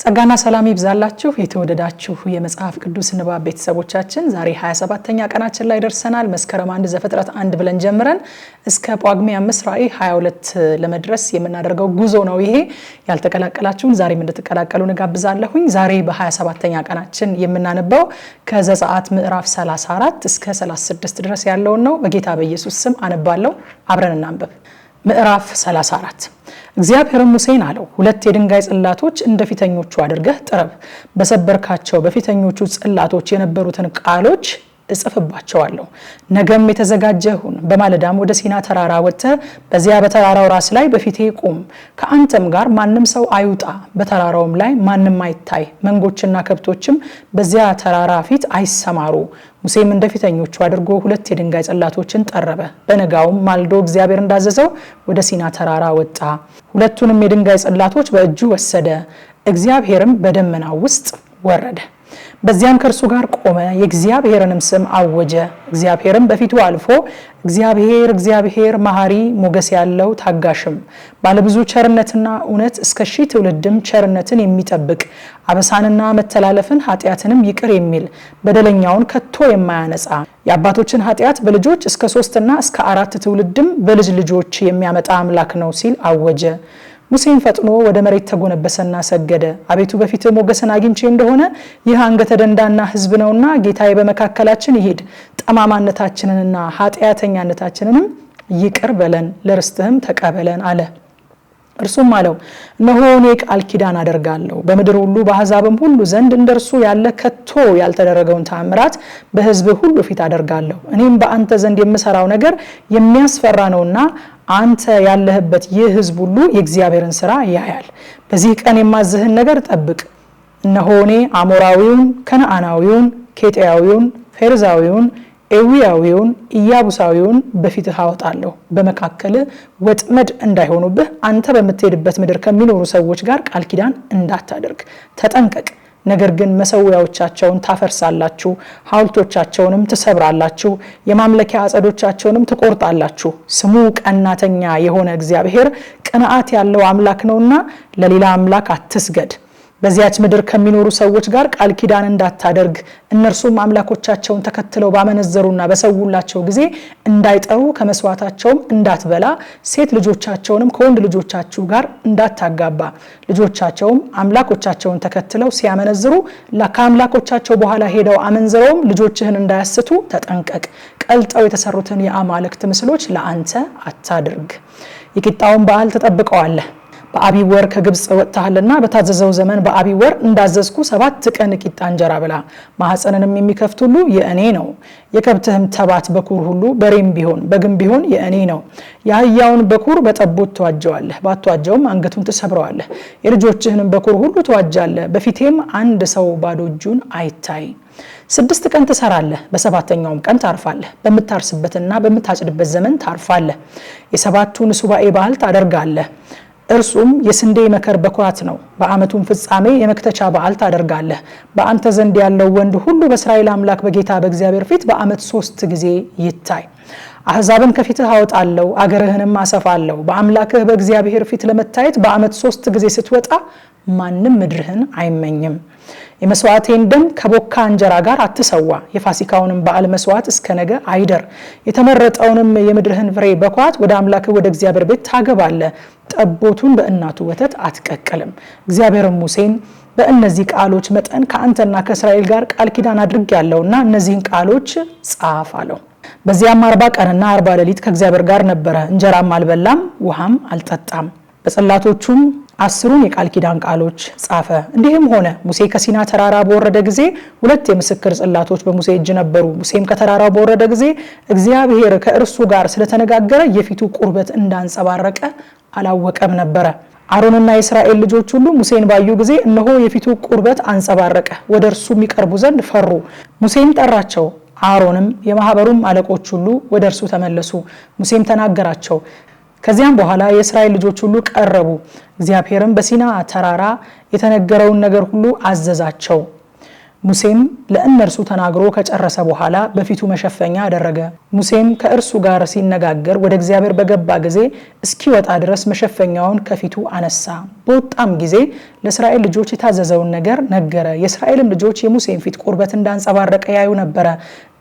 ጸጋና ሰላም ይብዛላችሁ የተወደዳችሁ የመጽሐፍ ቅዱስ ንባብ ቤተሰቦቻችን፣ ዛሬ 27ተኛ ቀናችን ላይ ደርሰናል። መስከረም አንድ ዘፍጥረት አንድ ብለን ጀምረን እስከ ጳጉሜ አምስት ራዕይ 22 ለመድረስ የምናደርገው ጉዞ ነው ይሄ። ያልተቀላቀላችሁን ዛሬም እንድትቀላቀሉ ንጋብዛለሁኝ። ዛሬ በ27ተኛ ቀናችን የምናነበው ከዘጸአት ምዕራፍ 34 እስከ 36 ድረስ ያለውን ነው። በጌታ በኢየሱስ ስም አነባለሁ። አብረን እናንብብ። ምዕራፍ 34 እግዚአብሔርም ሙሴን አለው፣ ሁለት የድንጋይ ጽላቶች እንደ ፊተኞቹ አድርገህ ጥረብ፣ በሰበርካቸው በፊተኞቹ ጽላቶች የነበሩትን ቃሎች እጽፍባቸዋለሁ። ነገም የተዘጋጀ ሁን፣ በማለዳም ወደ ሲና ተራራ ወጥተ በዚያ በተራራው ራስ ላይ በፊቴ ቁም። ከአንተም ጋር ማንም ሰው አይውጣ፣ በተራራውም ላይ ማንም አይታይ፣ መንጎችና ከብቶችም በዚያ ተራራ ፊት አይሰማሩ። ሙሴም እንደ ፊተኞቹ አድርጎ ሁለት የድንጋይ ጽላቶችን ጠረበ። በነጋውም ማልዶ እግዚአብሔር እንዳዘዘው ወደ ሲና ተራራ ወጣ። ሁለቱንም የድንጋይ ጽላቶች በእጁ ወሰደ። እግዚአብሔርም በደመናው ውስጥ ወረደ። በዚያም ከእርሱ ጋር ቆመ፣ የእግዚአብሔርንም ስም አወጀ። እግዚአብሔርም በፊቱ አልፎ እግዚአብሔር እግዚአብሔር መሐሪ ሞገስ ያለው ታጋሽም፣ ባለብዙ ቸርነትና እውነት እስከ ሺህ ትውልድም ቸርነትን የሚጠብቅ አበሳንና መተላለፍን ኃጢአትንም ይቅር የሚል በደለኛውን ከቶ የማያነጻ የአባቶችን ኃጢአት በልጆች እስከ ሶስትና እስከ አራት ትውልድም በልጅ ልጆች የሚያመጣ አምላክ ነው ሲል አወጀ። ሙሴም ፈጥኖ ወደ መሬት ተጎነበሰና ሰገደ። አቤቱ በፊት ሞገሰን አግኝቼ እንደሆነ ይህ አንገተ ደንዳና ሕዝብ ነውና ጌታዬ በመካከላችን ይሄድ ጠማማነታችንንና ኃጢአተኛነታችንንም ይቅር በለን፣ ለርስትህም ተቀበለን አለ። እርሱም አለው እነሆ እኔ ቃል ኪዳን አደርጋለሁ በምድር ሁሉ በአሕዛብም ሁሉ ዘንድ እንደ እርሱ ያለ ከቶ ያልተደረገውን ተአምራት በሕዝብ ሁሉ ፊት አደርጋለሁ። እኔም በአንተ ዘንድ የምሰራው ነገር የሚያስፈራ ነውና አንተ ያለህበት ይህ ሕዝብ ሁሉ የእግዚአብሔርን ስራ ያያል። በዚህ ቀን የማዝህን ነገር ጠብቅ። እነሆ እኔ አሞራዊውን፣ ከነአናዊውን፣ ኬጢያዊውን፣ ፌርዛዊውን ኤዊያዊውን ኢያቡሳዊውን በፊትህ አወጣለሁ፣ በመካከል ወጥመድ እንዳይሆኑብህ አንተ በምትሄድበት ምድር ከሚኖሩ ሰዎች ጋር ቃል ኪዳን እንዳታደርግ ተጠንቀቅ። ነገር ግን መሰዊያዎቻቸውን ታፈርሳላችሁ፣ ሐውልቶቻቸውንም ትሰብራላችሁ፣ የማምለኪያ አጸዶቻቸውንም ትቆርጣላችሁ። ስሙ ቀናተኛ የሆነ እግዚአብሔር ቅንዓት ያለው አምላክ ነውና ለሌላ አምላክ አትስገድ። በዚያች ምድር ከሚኖሩ ሰዎች ጋር ቃል ኪዳን እንዳታደርግ እነርሱም አምላኮቻቸውን ተከትለው ባመነዘሩና በሰውላቸው ጊዜ እንዳይጠሩ ከመስዋዕታቸውም እንዳትበላ ሴት ልጆቻቸውንም ከወንድ ልጆቻችሁ ጋር እንዳታጋባ ልጆቻቸውም አምላኮቻቸውን ተከትለው ሲያመነዝሩ ከአምላኮቻቸው በኋላ ሄደው አመንዝረውም ልጆችህን እንዳያስቱ ተጠንቀቅ። ቀልጠው የተሰሩትን የአማልክት ምስሎች ለአንተ አታድርግ። የቂጣውን በዓል ተጠብቀዋለህ። በአቢብ ወር ከግብፅ ወጥተሃልና በታዘዘው ዘመን በአቢብ ወር እንዳዘዝኩ ሰባት ቀን ቂጣ እንጀራ ብላ። ማህፀንንም የሚከፍት ሁሉ የእኔ ነው። የከብትህም ተባት በኩር ሁሉ በሬም ቢሆን በግም ቢሆን የእኔ ነው። የአህያውን በኩር በጠቦት ተዋጀዋለህ፣ ባትዋጀውም አንገቱን ትሰብረዋለህ። የልጆችህንም በኩር ሁሉ ተዋጃለህ። በፊቴም አንድ ሰው ባዶ እጁን አይታይ። ስድስት ቀን ትሰራለህ፣ በሰባተኛውም ቀን ታርፋለህ። በምታርስበትና በምታጭድበት ዘመን ታርፋለህ። የሰባቱን ሱባኤ ባህል ታደርጋለህ። እርሱም የስንዴ መከር በኩራት ነው። በዓመቱም ፍጻሜ የመክተቻ በዓል ታደርጋለህ። በአንተ ዘንድ ያለው ወንድ ሁሉ በእስራኤል አምላክ በጌታ በእግዚአብሔር ፊት በዓመት ሶስት ጊዜ ይታይ። አሕዛብን ከፊትህ አወጣለሁ፣ አገርህንም አሰፋለሁ። በአምላክህ በእግዚአብሔር ፊት ለመታየት በዓመት ሶስት ጊዜ ስትወጣ ማንም ምድርህን አይመኝም። የመስዋዕቴን ደም ከቦካ እንጀራ ጋር አትሰዋ፣ የፋሲካውንም በዓል መስዋዕት እስከ ነገ አይደር። የተመረጠውንም የምድርህን ፍሬ በኳት ወደ አምላክህ ወደ እግዚአብሔር ቤት ታገባለ። ጠቦቱን በእናቱ ወተት አትቀቅልም። እግዚአብሔርም ሙሴን በእነዚህ ቃሎች መጠን ከአንተና ከእስራኤል ጋር ቃል ኪዳን ያለውና እነዚህን ቃሎች ጻፍ አለው። በዚያም አርባ ቀንና አርባ ሌሊት ከእግዚአብሔር ጋር ነበረ። እንጀራም አልበላም፣ ውሃም አልጠጣም። በጽላቶቹም አስሩን የቃል ኪዳን ቃሎች ጻፈ። እንዲህም ሆነ ሙሴ ከሲና ተራራ በወረደ ጊዜ ሁለት የምስክር ጽላቶች በሙሴ እጅ ነበሩ። ሙሴም ከተራራው በወረደ ጊዜ እግዚአብሔር ከእርሱ ጋር ስለተነጋገረ የፊቱ ቁርበት እንዳንጸባረቀ አላወቀም ነበረ። አሮንና የእስራኤል ልጆች ሁሉ ሙሴን ባዩ ጊዜ እነሆ የፊቱ ቁርበት አንጸባረቀ፣ ወደ እርሱ የሚቀርቡ ዘንድ ፈሩ። ሙሴም ጠራቸው። አሮንም የማህበሩም አለቆች ሁሉ ወደ እርሱ ተመለሱ። ሙሴም ተናገራቸው፣ ከዚያም በኋላ የእስራኤል ልጆች ሁሉ ቀረቡ። እግዚአብሔርም በሲና ተራራ የተነገረውን ነገር ሁሉ አዘዛቸው። ሙሴም ለእነርሱ ተናግሮ ከጨረሰ በኋላ በፊቱ መሸፈኛ አደረገ። ሙሴም ከእርሱ ጋር ሲነጋገር ወደ እግዚአብሔር በገባ ጊዜ እስኪወጣ ድረስ መሸፈኛውን ከፊቱ አነሳ። በወጣም ጊዜ ለእስራኤል ልጆች የታዘዘውን ነገር ነገረ። የእስራኤልም ልጆች የሙሴን ፊት ቁርበት እንዳንጸባረቀ ያዩ ነበረ።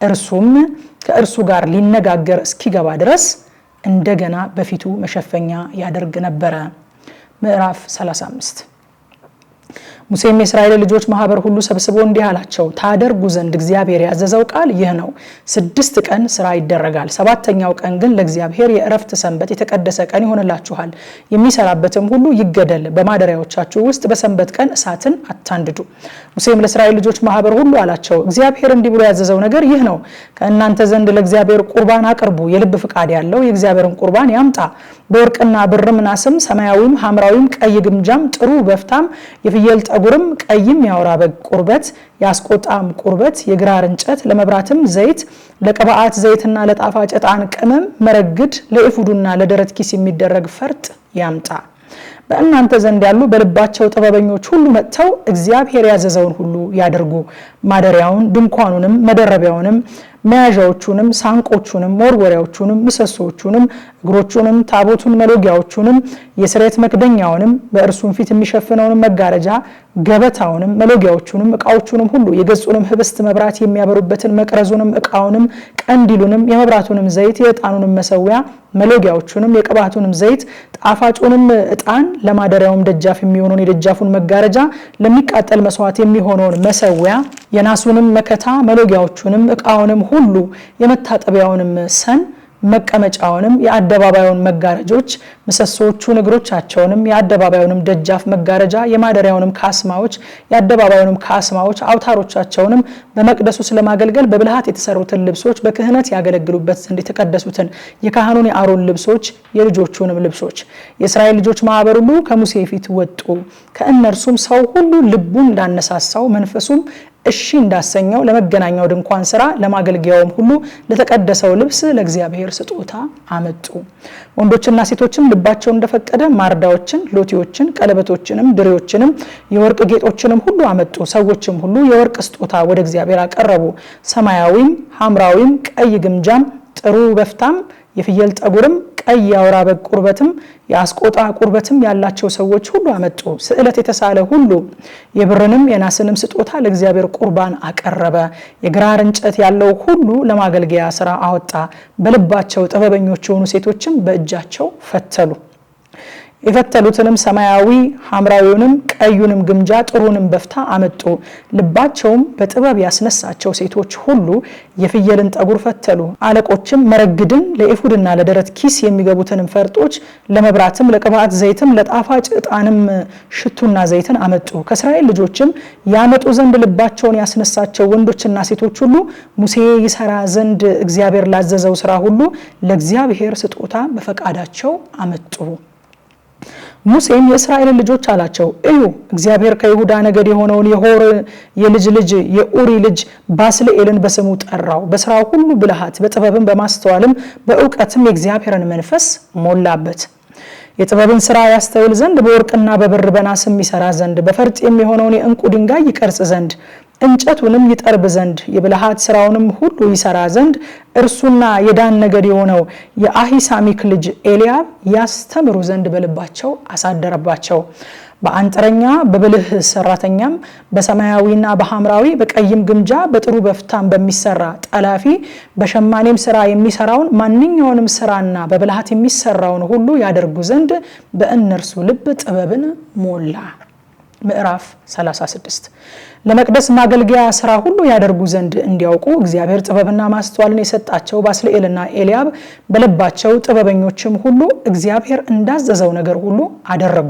እርሱም ከእርሱ ጋር ሊነጋገር እስኪገባ ድረስ እንደገና በፊቱ መሸፈኛ ያደርግ ነበረ። ምዕራፍ 35 ሙሴም የእስራኤል ልጆች ማህበር ሁሉ ሰብስቦ እንዲህ አላቸው፣ ታደርጉ ዘንድ እግዚአብሔር ያዘዘው ቃል ይህ ነው። ስድስት ቀን ስራ ይደረጋል፣ ሰባተኛው ቀን ግን ለእግዚአብሔር የእረፍት ሰንበት የተቀደሰ ቀን ይሆንላችኋል። የሚሰራበትም ሁሉ ይገደል፣ በማደሪያዎቻችሁ ውስጥ በሰንበት ቀን እሳትን አታንድዱ። ሙሴም ለእስራኤል ልጆች ማህበር ሁሉ አላቸው፣ እግዚአብሔር እንዲህ ብሎ ያዘዘው ነገር ይህ ነው። ከእናንተ ዘንድ ለእግዚአብሔር ቁርባን አቅርቡ። የልብ ፍቃድ ያለው የእግዚአብሔርን ቁርባን ያምጣ፣ በወርቅና ብርም ናስም፣ ሰማያዊም ሐምራዊም ቀይ ግምጃም ጥሩ በፍታም የፍየል ጠጉርም ቀይም የአውራ በግ ቁርበት የአስቆጣም ቁርበት የግራር እንጨት ለመብራትም ዘይት ለቅብዓት ዘይትና ለጣፋጭ ዕጣን ቅመም መረግድ ለኢፉዱና ለደረት ኪስ የሚደረግ ፈርጥ ያምጣ። በእናንተ ዘንድ ያሉ በልባቸው ጥበበኞች ሁሉ መጥተው እግዚአብሔር ያዘዘውን ሁሉ ያደርጉ። ማደሪያውን ድንኳኑንም መደረቢያውንም መያዣዎቹንም ሳንቆቹንም መወርወሪያዎቹንም ምሰሶዎቹንም እግሮቹንም ታቦቱን መሎጊያዎቹንም የስርየት መክደኛውንም በእርሱም ፊት የሚሸፍነውንም መጋረጃ ገበታውንም መሎጊያዎቹንም እቃዎቹንም ሁሉ የገጹንም ህብስት መብራት የሚያበሩበትን መቅረዙንም እቃውንም ቀንዲሉንም የመብራቱንም ዘይት የዕጣኑንም መሰዊያ መሎጊያዎቹንም የቅባቱንም ዘይት ጣፋጩንም ዕጣን ለማደሪያውም ደጃፍ የሚሆነውን የደጃፉን መጋረጃ ለሚቃጠል መስዋዕት የሚሆነውን መሰዊያ የናሱንም መከታ መሎጊያዎቹንም እቃውንም ሁሉ የመታጠቢያውንም ሰን መቀመጫውንም የአደባባዩን መጋረጆች ምሰሶዎቹ እግሮቻቸውንም የአደባባዩንም ደጃፍ መጋረጃ የማደሪያውንም ካስማዎች የአደባባዩንም ካስማዎች አውታሮቻቸውንም በመቅደሱ ስለማገልገል በብልሃት የተሰሩትን ልብሶች በክህነት ያገለግሉበት ዘንድ የተቀደሱትን የካህኑን የአሮን ልብሶች የልጆቹንም ልብሶች የእስራኤል ልጆች ማህበር ሁሉ ከሙሴ ፊት ወጡ። ከእነርሱም ሰው ሁሉ ልቡን እንዳነሳሳው መንፈሱም እሺ እንዳሰኘው ለመገናኛው ድንኳን ስራ ለማገልገያውም ሁሉ ለተቀደሰው ልብስ ለእግዚአብሔር ስጦታ አመጡ። ወንዶችና ሴቶችም ልባቸው እንደፈቀደ ማርዳዎችን፣ ሎቲዎችን፣ ቀለበቶችንም፣ ድሬዎችንም የወርቅ ጌጦችንም ሁሉ አመጡ። ሰዎችም ሁሉ የወርቅ ስጦታ ወደ እግዚአብሔር አቀረቡ። ሰማያዊም፣ ሐምራዊም፣ ቀይ ግምጃም ጥሩ በፍታም የፍየል ጠጉርም ቀይ የአውራ በግ ቁርበትም የአስቆጣ ቁርበትም ያላቸው ሰዎች ሁሉ አመጡ። ስዕለት የተሳለ ሁሉ የብርንም የናስንም ስጦታ ለእግዚአብሔር ቁርባን አቀረበ። የግራር እንጨት ያለው ሁሉ ለማገልገያ ስራ አወጣ። በልባቸው ጥበበኞች የሆኑ ሴቶችም በእጃቸው ፈተሉ። የፈተሉትንም ሰማያዊ ሐምራዊውንም ቀዩንም ግምጃ ጥሩንም በፍታ አመጡ። ልባቸውም በጥበብ ያስነሳቸው ሴቶች ሁሉ የፍየልን ጠጉር ፈተሉ። አለቆችም መረግድን ለኤፉድና ለደረት ኪስ የሚገቡትንም ፈርጦች ለመብራትም ለቅባት ዘይትም ለጣፋጭ ዕጣንም ሽቱና ዘይትን አመጡ። ከእስራኤል ልጆችም ያመጡ ዘንድ ልባቸውን ያስነሳቸው ወንዶችና ሴቶች ሁሉ ሙሴ ይሰራ ዘንድ እግዚአብሔር ላዘዘው ስራ ሁሉ ለእግዚአብሔር ስጦታ በፈቃዳቸው አመጡ። ሙሴም የእስራኤል ልጆች አላቸው፣ እዩ እግዚአብሔር ከይሁዳ ነገድ የሆነውን የሆር የልጅ ልጅ የኡሪ ልጅ ባስልኤልን በስሙ ጠራው። በስራው ሁሉ ብልሃት፣ በጥበብም በማስተዋልም በእውቀትም የእግዚአብሔርን መንፈስ ሞላበት። የጥበብን ስራ ያስተውል ዘንድ በወርቅና በብር በናስም ይሰራ ዘንድ በፈርጥ የሚሆነውን የእንቁ ድንጋይ ይቀርጽ ዘንድ እንጨቱንም ይጠርብ ዘንድ የብልሃት ስራውንም ሁሉ ይሰራ ዘንድ እርሱና የዳን ነገድ የሆነው የአሂሳሚክ ልጅ ኤልያብ ያስተምሩ ዘንድ በልባቸው አሳደረባቸው። በአንጥረኛ በብልህ ሰራተኛም በሰማያዊና በሐምራዊ በቀይም ግምጃ በጥሩ በፍታም በሚሰራ ጠላፊ በሸማኔም ስራ የሚሰራውን ማንኛውንም ስራና በብልሃት የሚሰራውን ሁሉ ያደርጉ ዘንድ በእነርሱ ልብ ጥበብን ሞላ። ምዕራፍ 36 ለመቅደስ ማገልገያ ስራ ሁሉ ያደርጉ ዘንድ እንዲያውቁ እግዚአብሔር ጥበብና ማስተዋልን የሰጣቸው ባስልኤልና ኤልያብ በልባቸው ጥበበኞችም ሁሉ እግዚአብሔር እንዳዘዘው ነገር ሁሉ አደረጉ።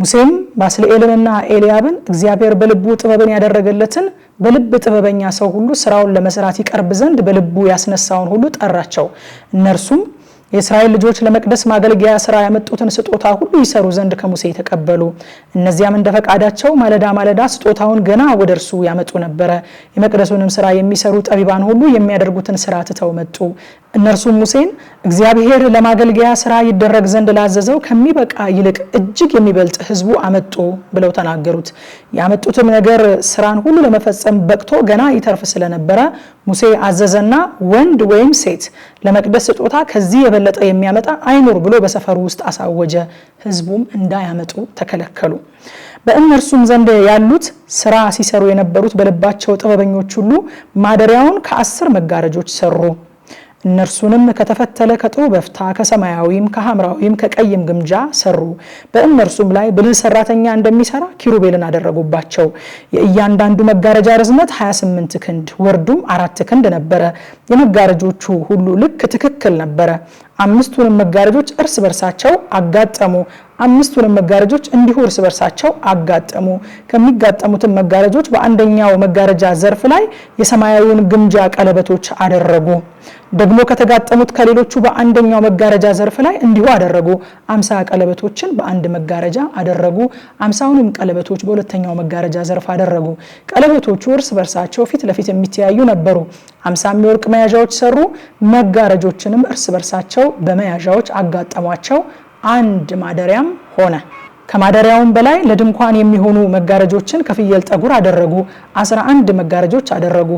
ሙሴም ባስልኤልንና ኤልያብን እግዚአብሔር በልቡ ጥበብን ያደረገለትን በልብ ጥበበኛ ሰው ሁሉ ስራውን ለመስራት ይቀርብ ዘንድ በልቡ ያስነሳውን ሁሉ ጠራቸው እነርሱም የእስራኤል ልጆች ለመቅደስ ማገልገያ ስራ ያመጡትን ስጦታ ሁሉ ይሰሩ ዘንድ ከሙሴ ተቀበሉ። እነዚያም እንደ ፈቃዳቸው ማለዳ ማለዳ ስጦታውን ገና ወደ እርሱ ያመጡ ነበረ። የመቅደሱንም ስራ የሚሰሩ ጠቢባን ሁሉ የሚያደርጉትን ስራ ትተው መጡ። እነርሱም ሙሴን እግዚአብሔር ለማገልገያ ስራ ይደረግ ዘንድ ላዘዘው ከሚበቃ ይልቅ እጅግ የሚበልጥ ህዝቡ አመጡ ብለው ተናገሩት። ያመጡትም ነገር ስራን ሁሉ ለመፈጸም በቅቶ ገና ይተርፍ ስለነበረ ሙሴ አዘዘና ወንድ ወይም ሴት ለመቅደስ ስጦታ ከዚህ የበለጠ የሚያመጣ አይኑር ብሎ በሰፈሩ ውስጥ አሳወጀ። ህዝቡም እንዳያመጡ ተከለከሉ። በእነርሱም ዘንድ ያሉት ስራ ሲሰሩ የነበሩት በልባቸው ጥበበኞች ሁሉ ማደሪያውን ከአስር መጋረጆች ሰሩ። እነርሱንም ከተፈተለ ከጥሩ በፍታ ከሰማያዊም ከሐምራዊም ከቀይም ግምጃ ሰሩ። በእነርሱም ላይ ብልህ ሰራተኛ እንደሚሰራ ኪሩቤልን አደረጉባቸው። የእያንዳንዱ መጋረጃ ርዝመት 28 ክንድ ወርዱም አራት ክንድ ነበረ። የመጋረጆቹ ሁሉ ልክ ትክክል ነበረ። አምስቱንም መጋረጆች እርስ በርሳቸው አጋጠሙ። አምስቱንም መጋረጆች እንዲሁ እርስ በርሳቸው አጋጠሙ። ከሚጋጠሙት መጋረጆች በአንደኛው መጋረጃ ዘርፍ ላይ የሰማያዊውን ግምጃ ቀለበቶች አደረጉ። ደግሞ ከተጋጠሙት ከሌሎቹ በአንደኛው መጋረጃ ዘርፍ ላይ እንዲሁ አደረጉ። አምሳ ቀለበቶችን በአንድ መጋረጃ አደረጉ። አምሳውንም ቀለበቶች በሁለተኛው መጋረጃ ዘርፍ አደረጉ። ቀለበቶቹ እርስ በርሳቸው ፊት ለፊት የሚተያዩ ነበሩ። አምሳ የወርቅ መያዣዎች ሰሩ። መጋረጆችንም እርስ በርሳቸው በመያዣዎች አጋጠሟቸው። አንድ ማደሪያም ሆነ። ከማደሪያውም በላይ ለድንኳን የሚሆኑ መጋረጆችን ከፍየል ጠጉር አደረጉ። 11 መጋረጆች አደረጉ።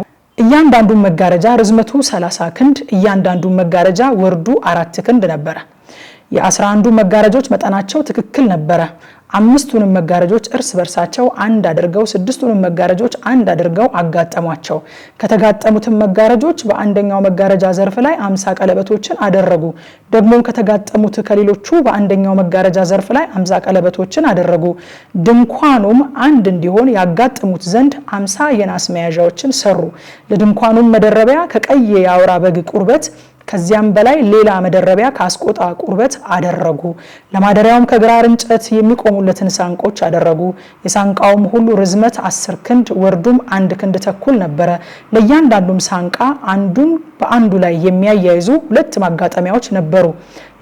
እያንዳንዱ መጋረጃ ርዝመቱ 30 ክንድ፣ እያንዳንዱ መጋረጃ ወርዱ አራት ክንድ ነበረ። የአስራ አንዱ መጋረጆች መጠናቸው ትክክል ነበረ። አምስቱንም መጋረጆች እርስ በርሳቸው አንድ አድርገው ስድስቱንም መጋረጆች አንድ አድርገው አጋጠሟቸው። ከተጋጠሙትም መጋረጆች በአንደኛው መጋረጃ ዘርፍ ላይ አምሳ ቀለበቶችን አደረጉ። ደግሞም ከተጋጠሙት ከሌሎቹ በአንደኛው መጋረጃ ዘርፍ ላይ አምሳ ቀለበቶችን አደረጉ። ድንኳኑም አንድ እንዲሆን ያጋጥሙት ዘንድ አምሳ የናስ መያዣዎችን ሰሩ። ለድንኳኑም መደረቢያ ከቀይ የአውራ በግ ቁርበት ከዚያም በላይ ሌላ መደረቢያ ከአስቆጣ ቁርበት አደረጉ። ለማደሪያውም ከግራር እንጨት የሚቆሙለትን ሳንቆች አደረጉ። የሳንቃውም ሁሉ ርዝመት አስር ክንድ ወርዱም አንድ ክንድ ተኩል ነበረ። ለእያንዳንዱም ሳንቃ አንዱን በአንዱ ላይ የሚያያይዙ ሁለት ማጋጠሚያዎች ነበሩ።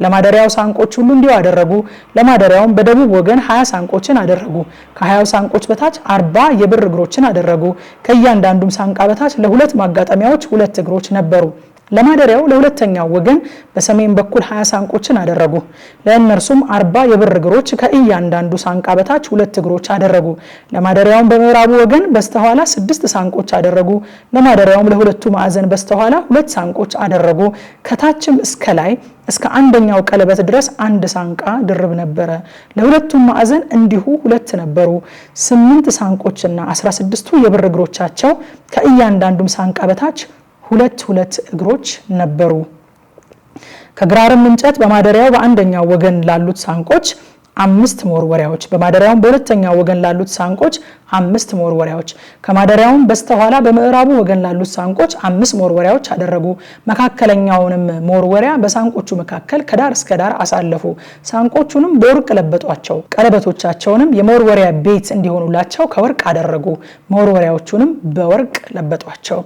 ለማደሪያው ሳንቆች ሁሉ እንዲሁ አደረጉ። ለማደሪያውም በደቡብ ወገን ሀያ ሳንቆችን አደረጉ። ከሀያው ሳንቆች በታች አርባ የብር እግሮችን አደረጉ። ከእያንዳንዱም ሳንቃ በታች ለሁለት ማጋጠሚያዎች ሁለት እግሮች ነበሩ። ለማደሪያው ለሁለተኛው ወገን በሰሜን በኩል 20 ሳንቆችን አደረጉ። ለእነርሱም አርባ የብር እግሮች ከእያንዳንዱ ሳንቃ በታች ሁለት እግሮች አደረጉ። ለማደሪያውም በምዕራቡ ወገን በስተኋላ ስድስት ሳንቆች አደረጉ። ለማደሪያውም ለሁለቱ ማዕዘን በስተኋላ ሁለት ሳንቆች አደረጉ። ከታችም እስከ ላይ እስከ አንደኛው ቀለበት ድረስ አንድ ሳንቃ ድርብ ነበረ። ለሁለቱም ማዕዘን እንዲሁ ሁለት ነበሩ። ስምንት ሳንቆችና አስራ ስድስቱ የብር እግሮቻቸው ከእያንዳንዱም ሳንቃ በታች ሁለት ሁለት እግሮች ነበሩ። ከግራርም እንጨት በማደሪያው በአንደኛው ወገን ላሉት ሳንቆች አምስት መወርወሪያዎች በማደሪያውም በሁለተኛው ወገን ላሉት ሳንቆች አምስት መወርወሪያዎች ከማደሪያውም በስተኋላ በምዕራቡ ወገን ላሉት ሳንቆች አምስት መወርወሪያዎች አደረጉ። መካከለኛውንም መወርወሪያ በሳንቆቹ መካከል ከዳር እስከ ዳር አሳለፉ። ሳንቆቹንም በወርቅ ለበጧቸው። ቀለበቶቻቸውንም የመወርወሪያ ቤት እንዲሆኑላቸው ከወርቅ አደረጉ። መወርወሪያዎቹንም በወርቅ ለበጧቸው።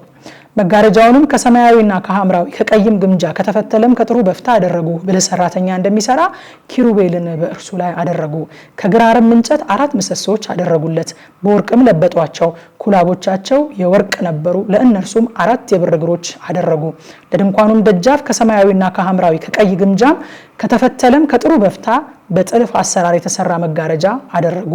መጋረጃውንም ከሰማያዊና ከሐምራዊ ከቀይም ግምጃ ከተፈተለም ከጥሩ በፍታ አደረጉ። ብልህ ሰራተኛ እንደሚሰራ ኪሩቤልን በእርሱ ላይ አደረጉ። ከግራርም እንጨት አራት ምሰሶዎች አደረጉለት፣ በወርቅም ለበጧቸው። ኩላቦቻቸው የወርቅ ነበሩ። ለእነርሱም አራት የብር እግሮች አደረጉ። ለድንኳኑም ደጃፍ ከሰማያዊና ከሐምራዊ ከቀይ ግምጃም ከተፈተለም ከጥሩ በፍታ በጥልፍ አሰራር የተሰራ መጋረጃ አደረጉ።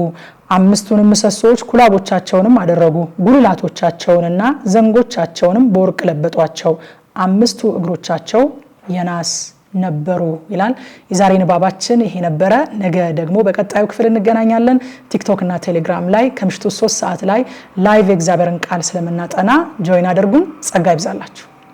አምስቱንም ምሰሶዎች ኩላቦቻቸውንም አደረጉ። ጉልላቶቻቸውንና ዘንጎቻቸውንም በወርቅ ለበጧቸው። አምስቱ እግሮቻቸው የናስ ነበሩ ይላል። የዛሬ ንባባችን ይሄ ነበረ። ነገ ደግሞ በቀጣዩ ክፍል እንገናኛለን። ቲክቶክ እና ቴሌግራም ላይ ከምሽቱ ሶስት ሰዓት ላይ ላይቭ የእግዚአብሔርን ቃል ስለምናጠና ጆይን አድርጉን። ጸጋ ይብዛላችሁ።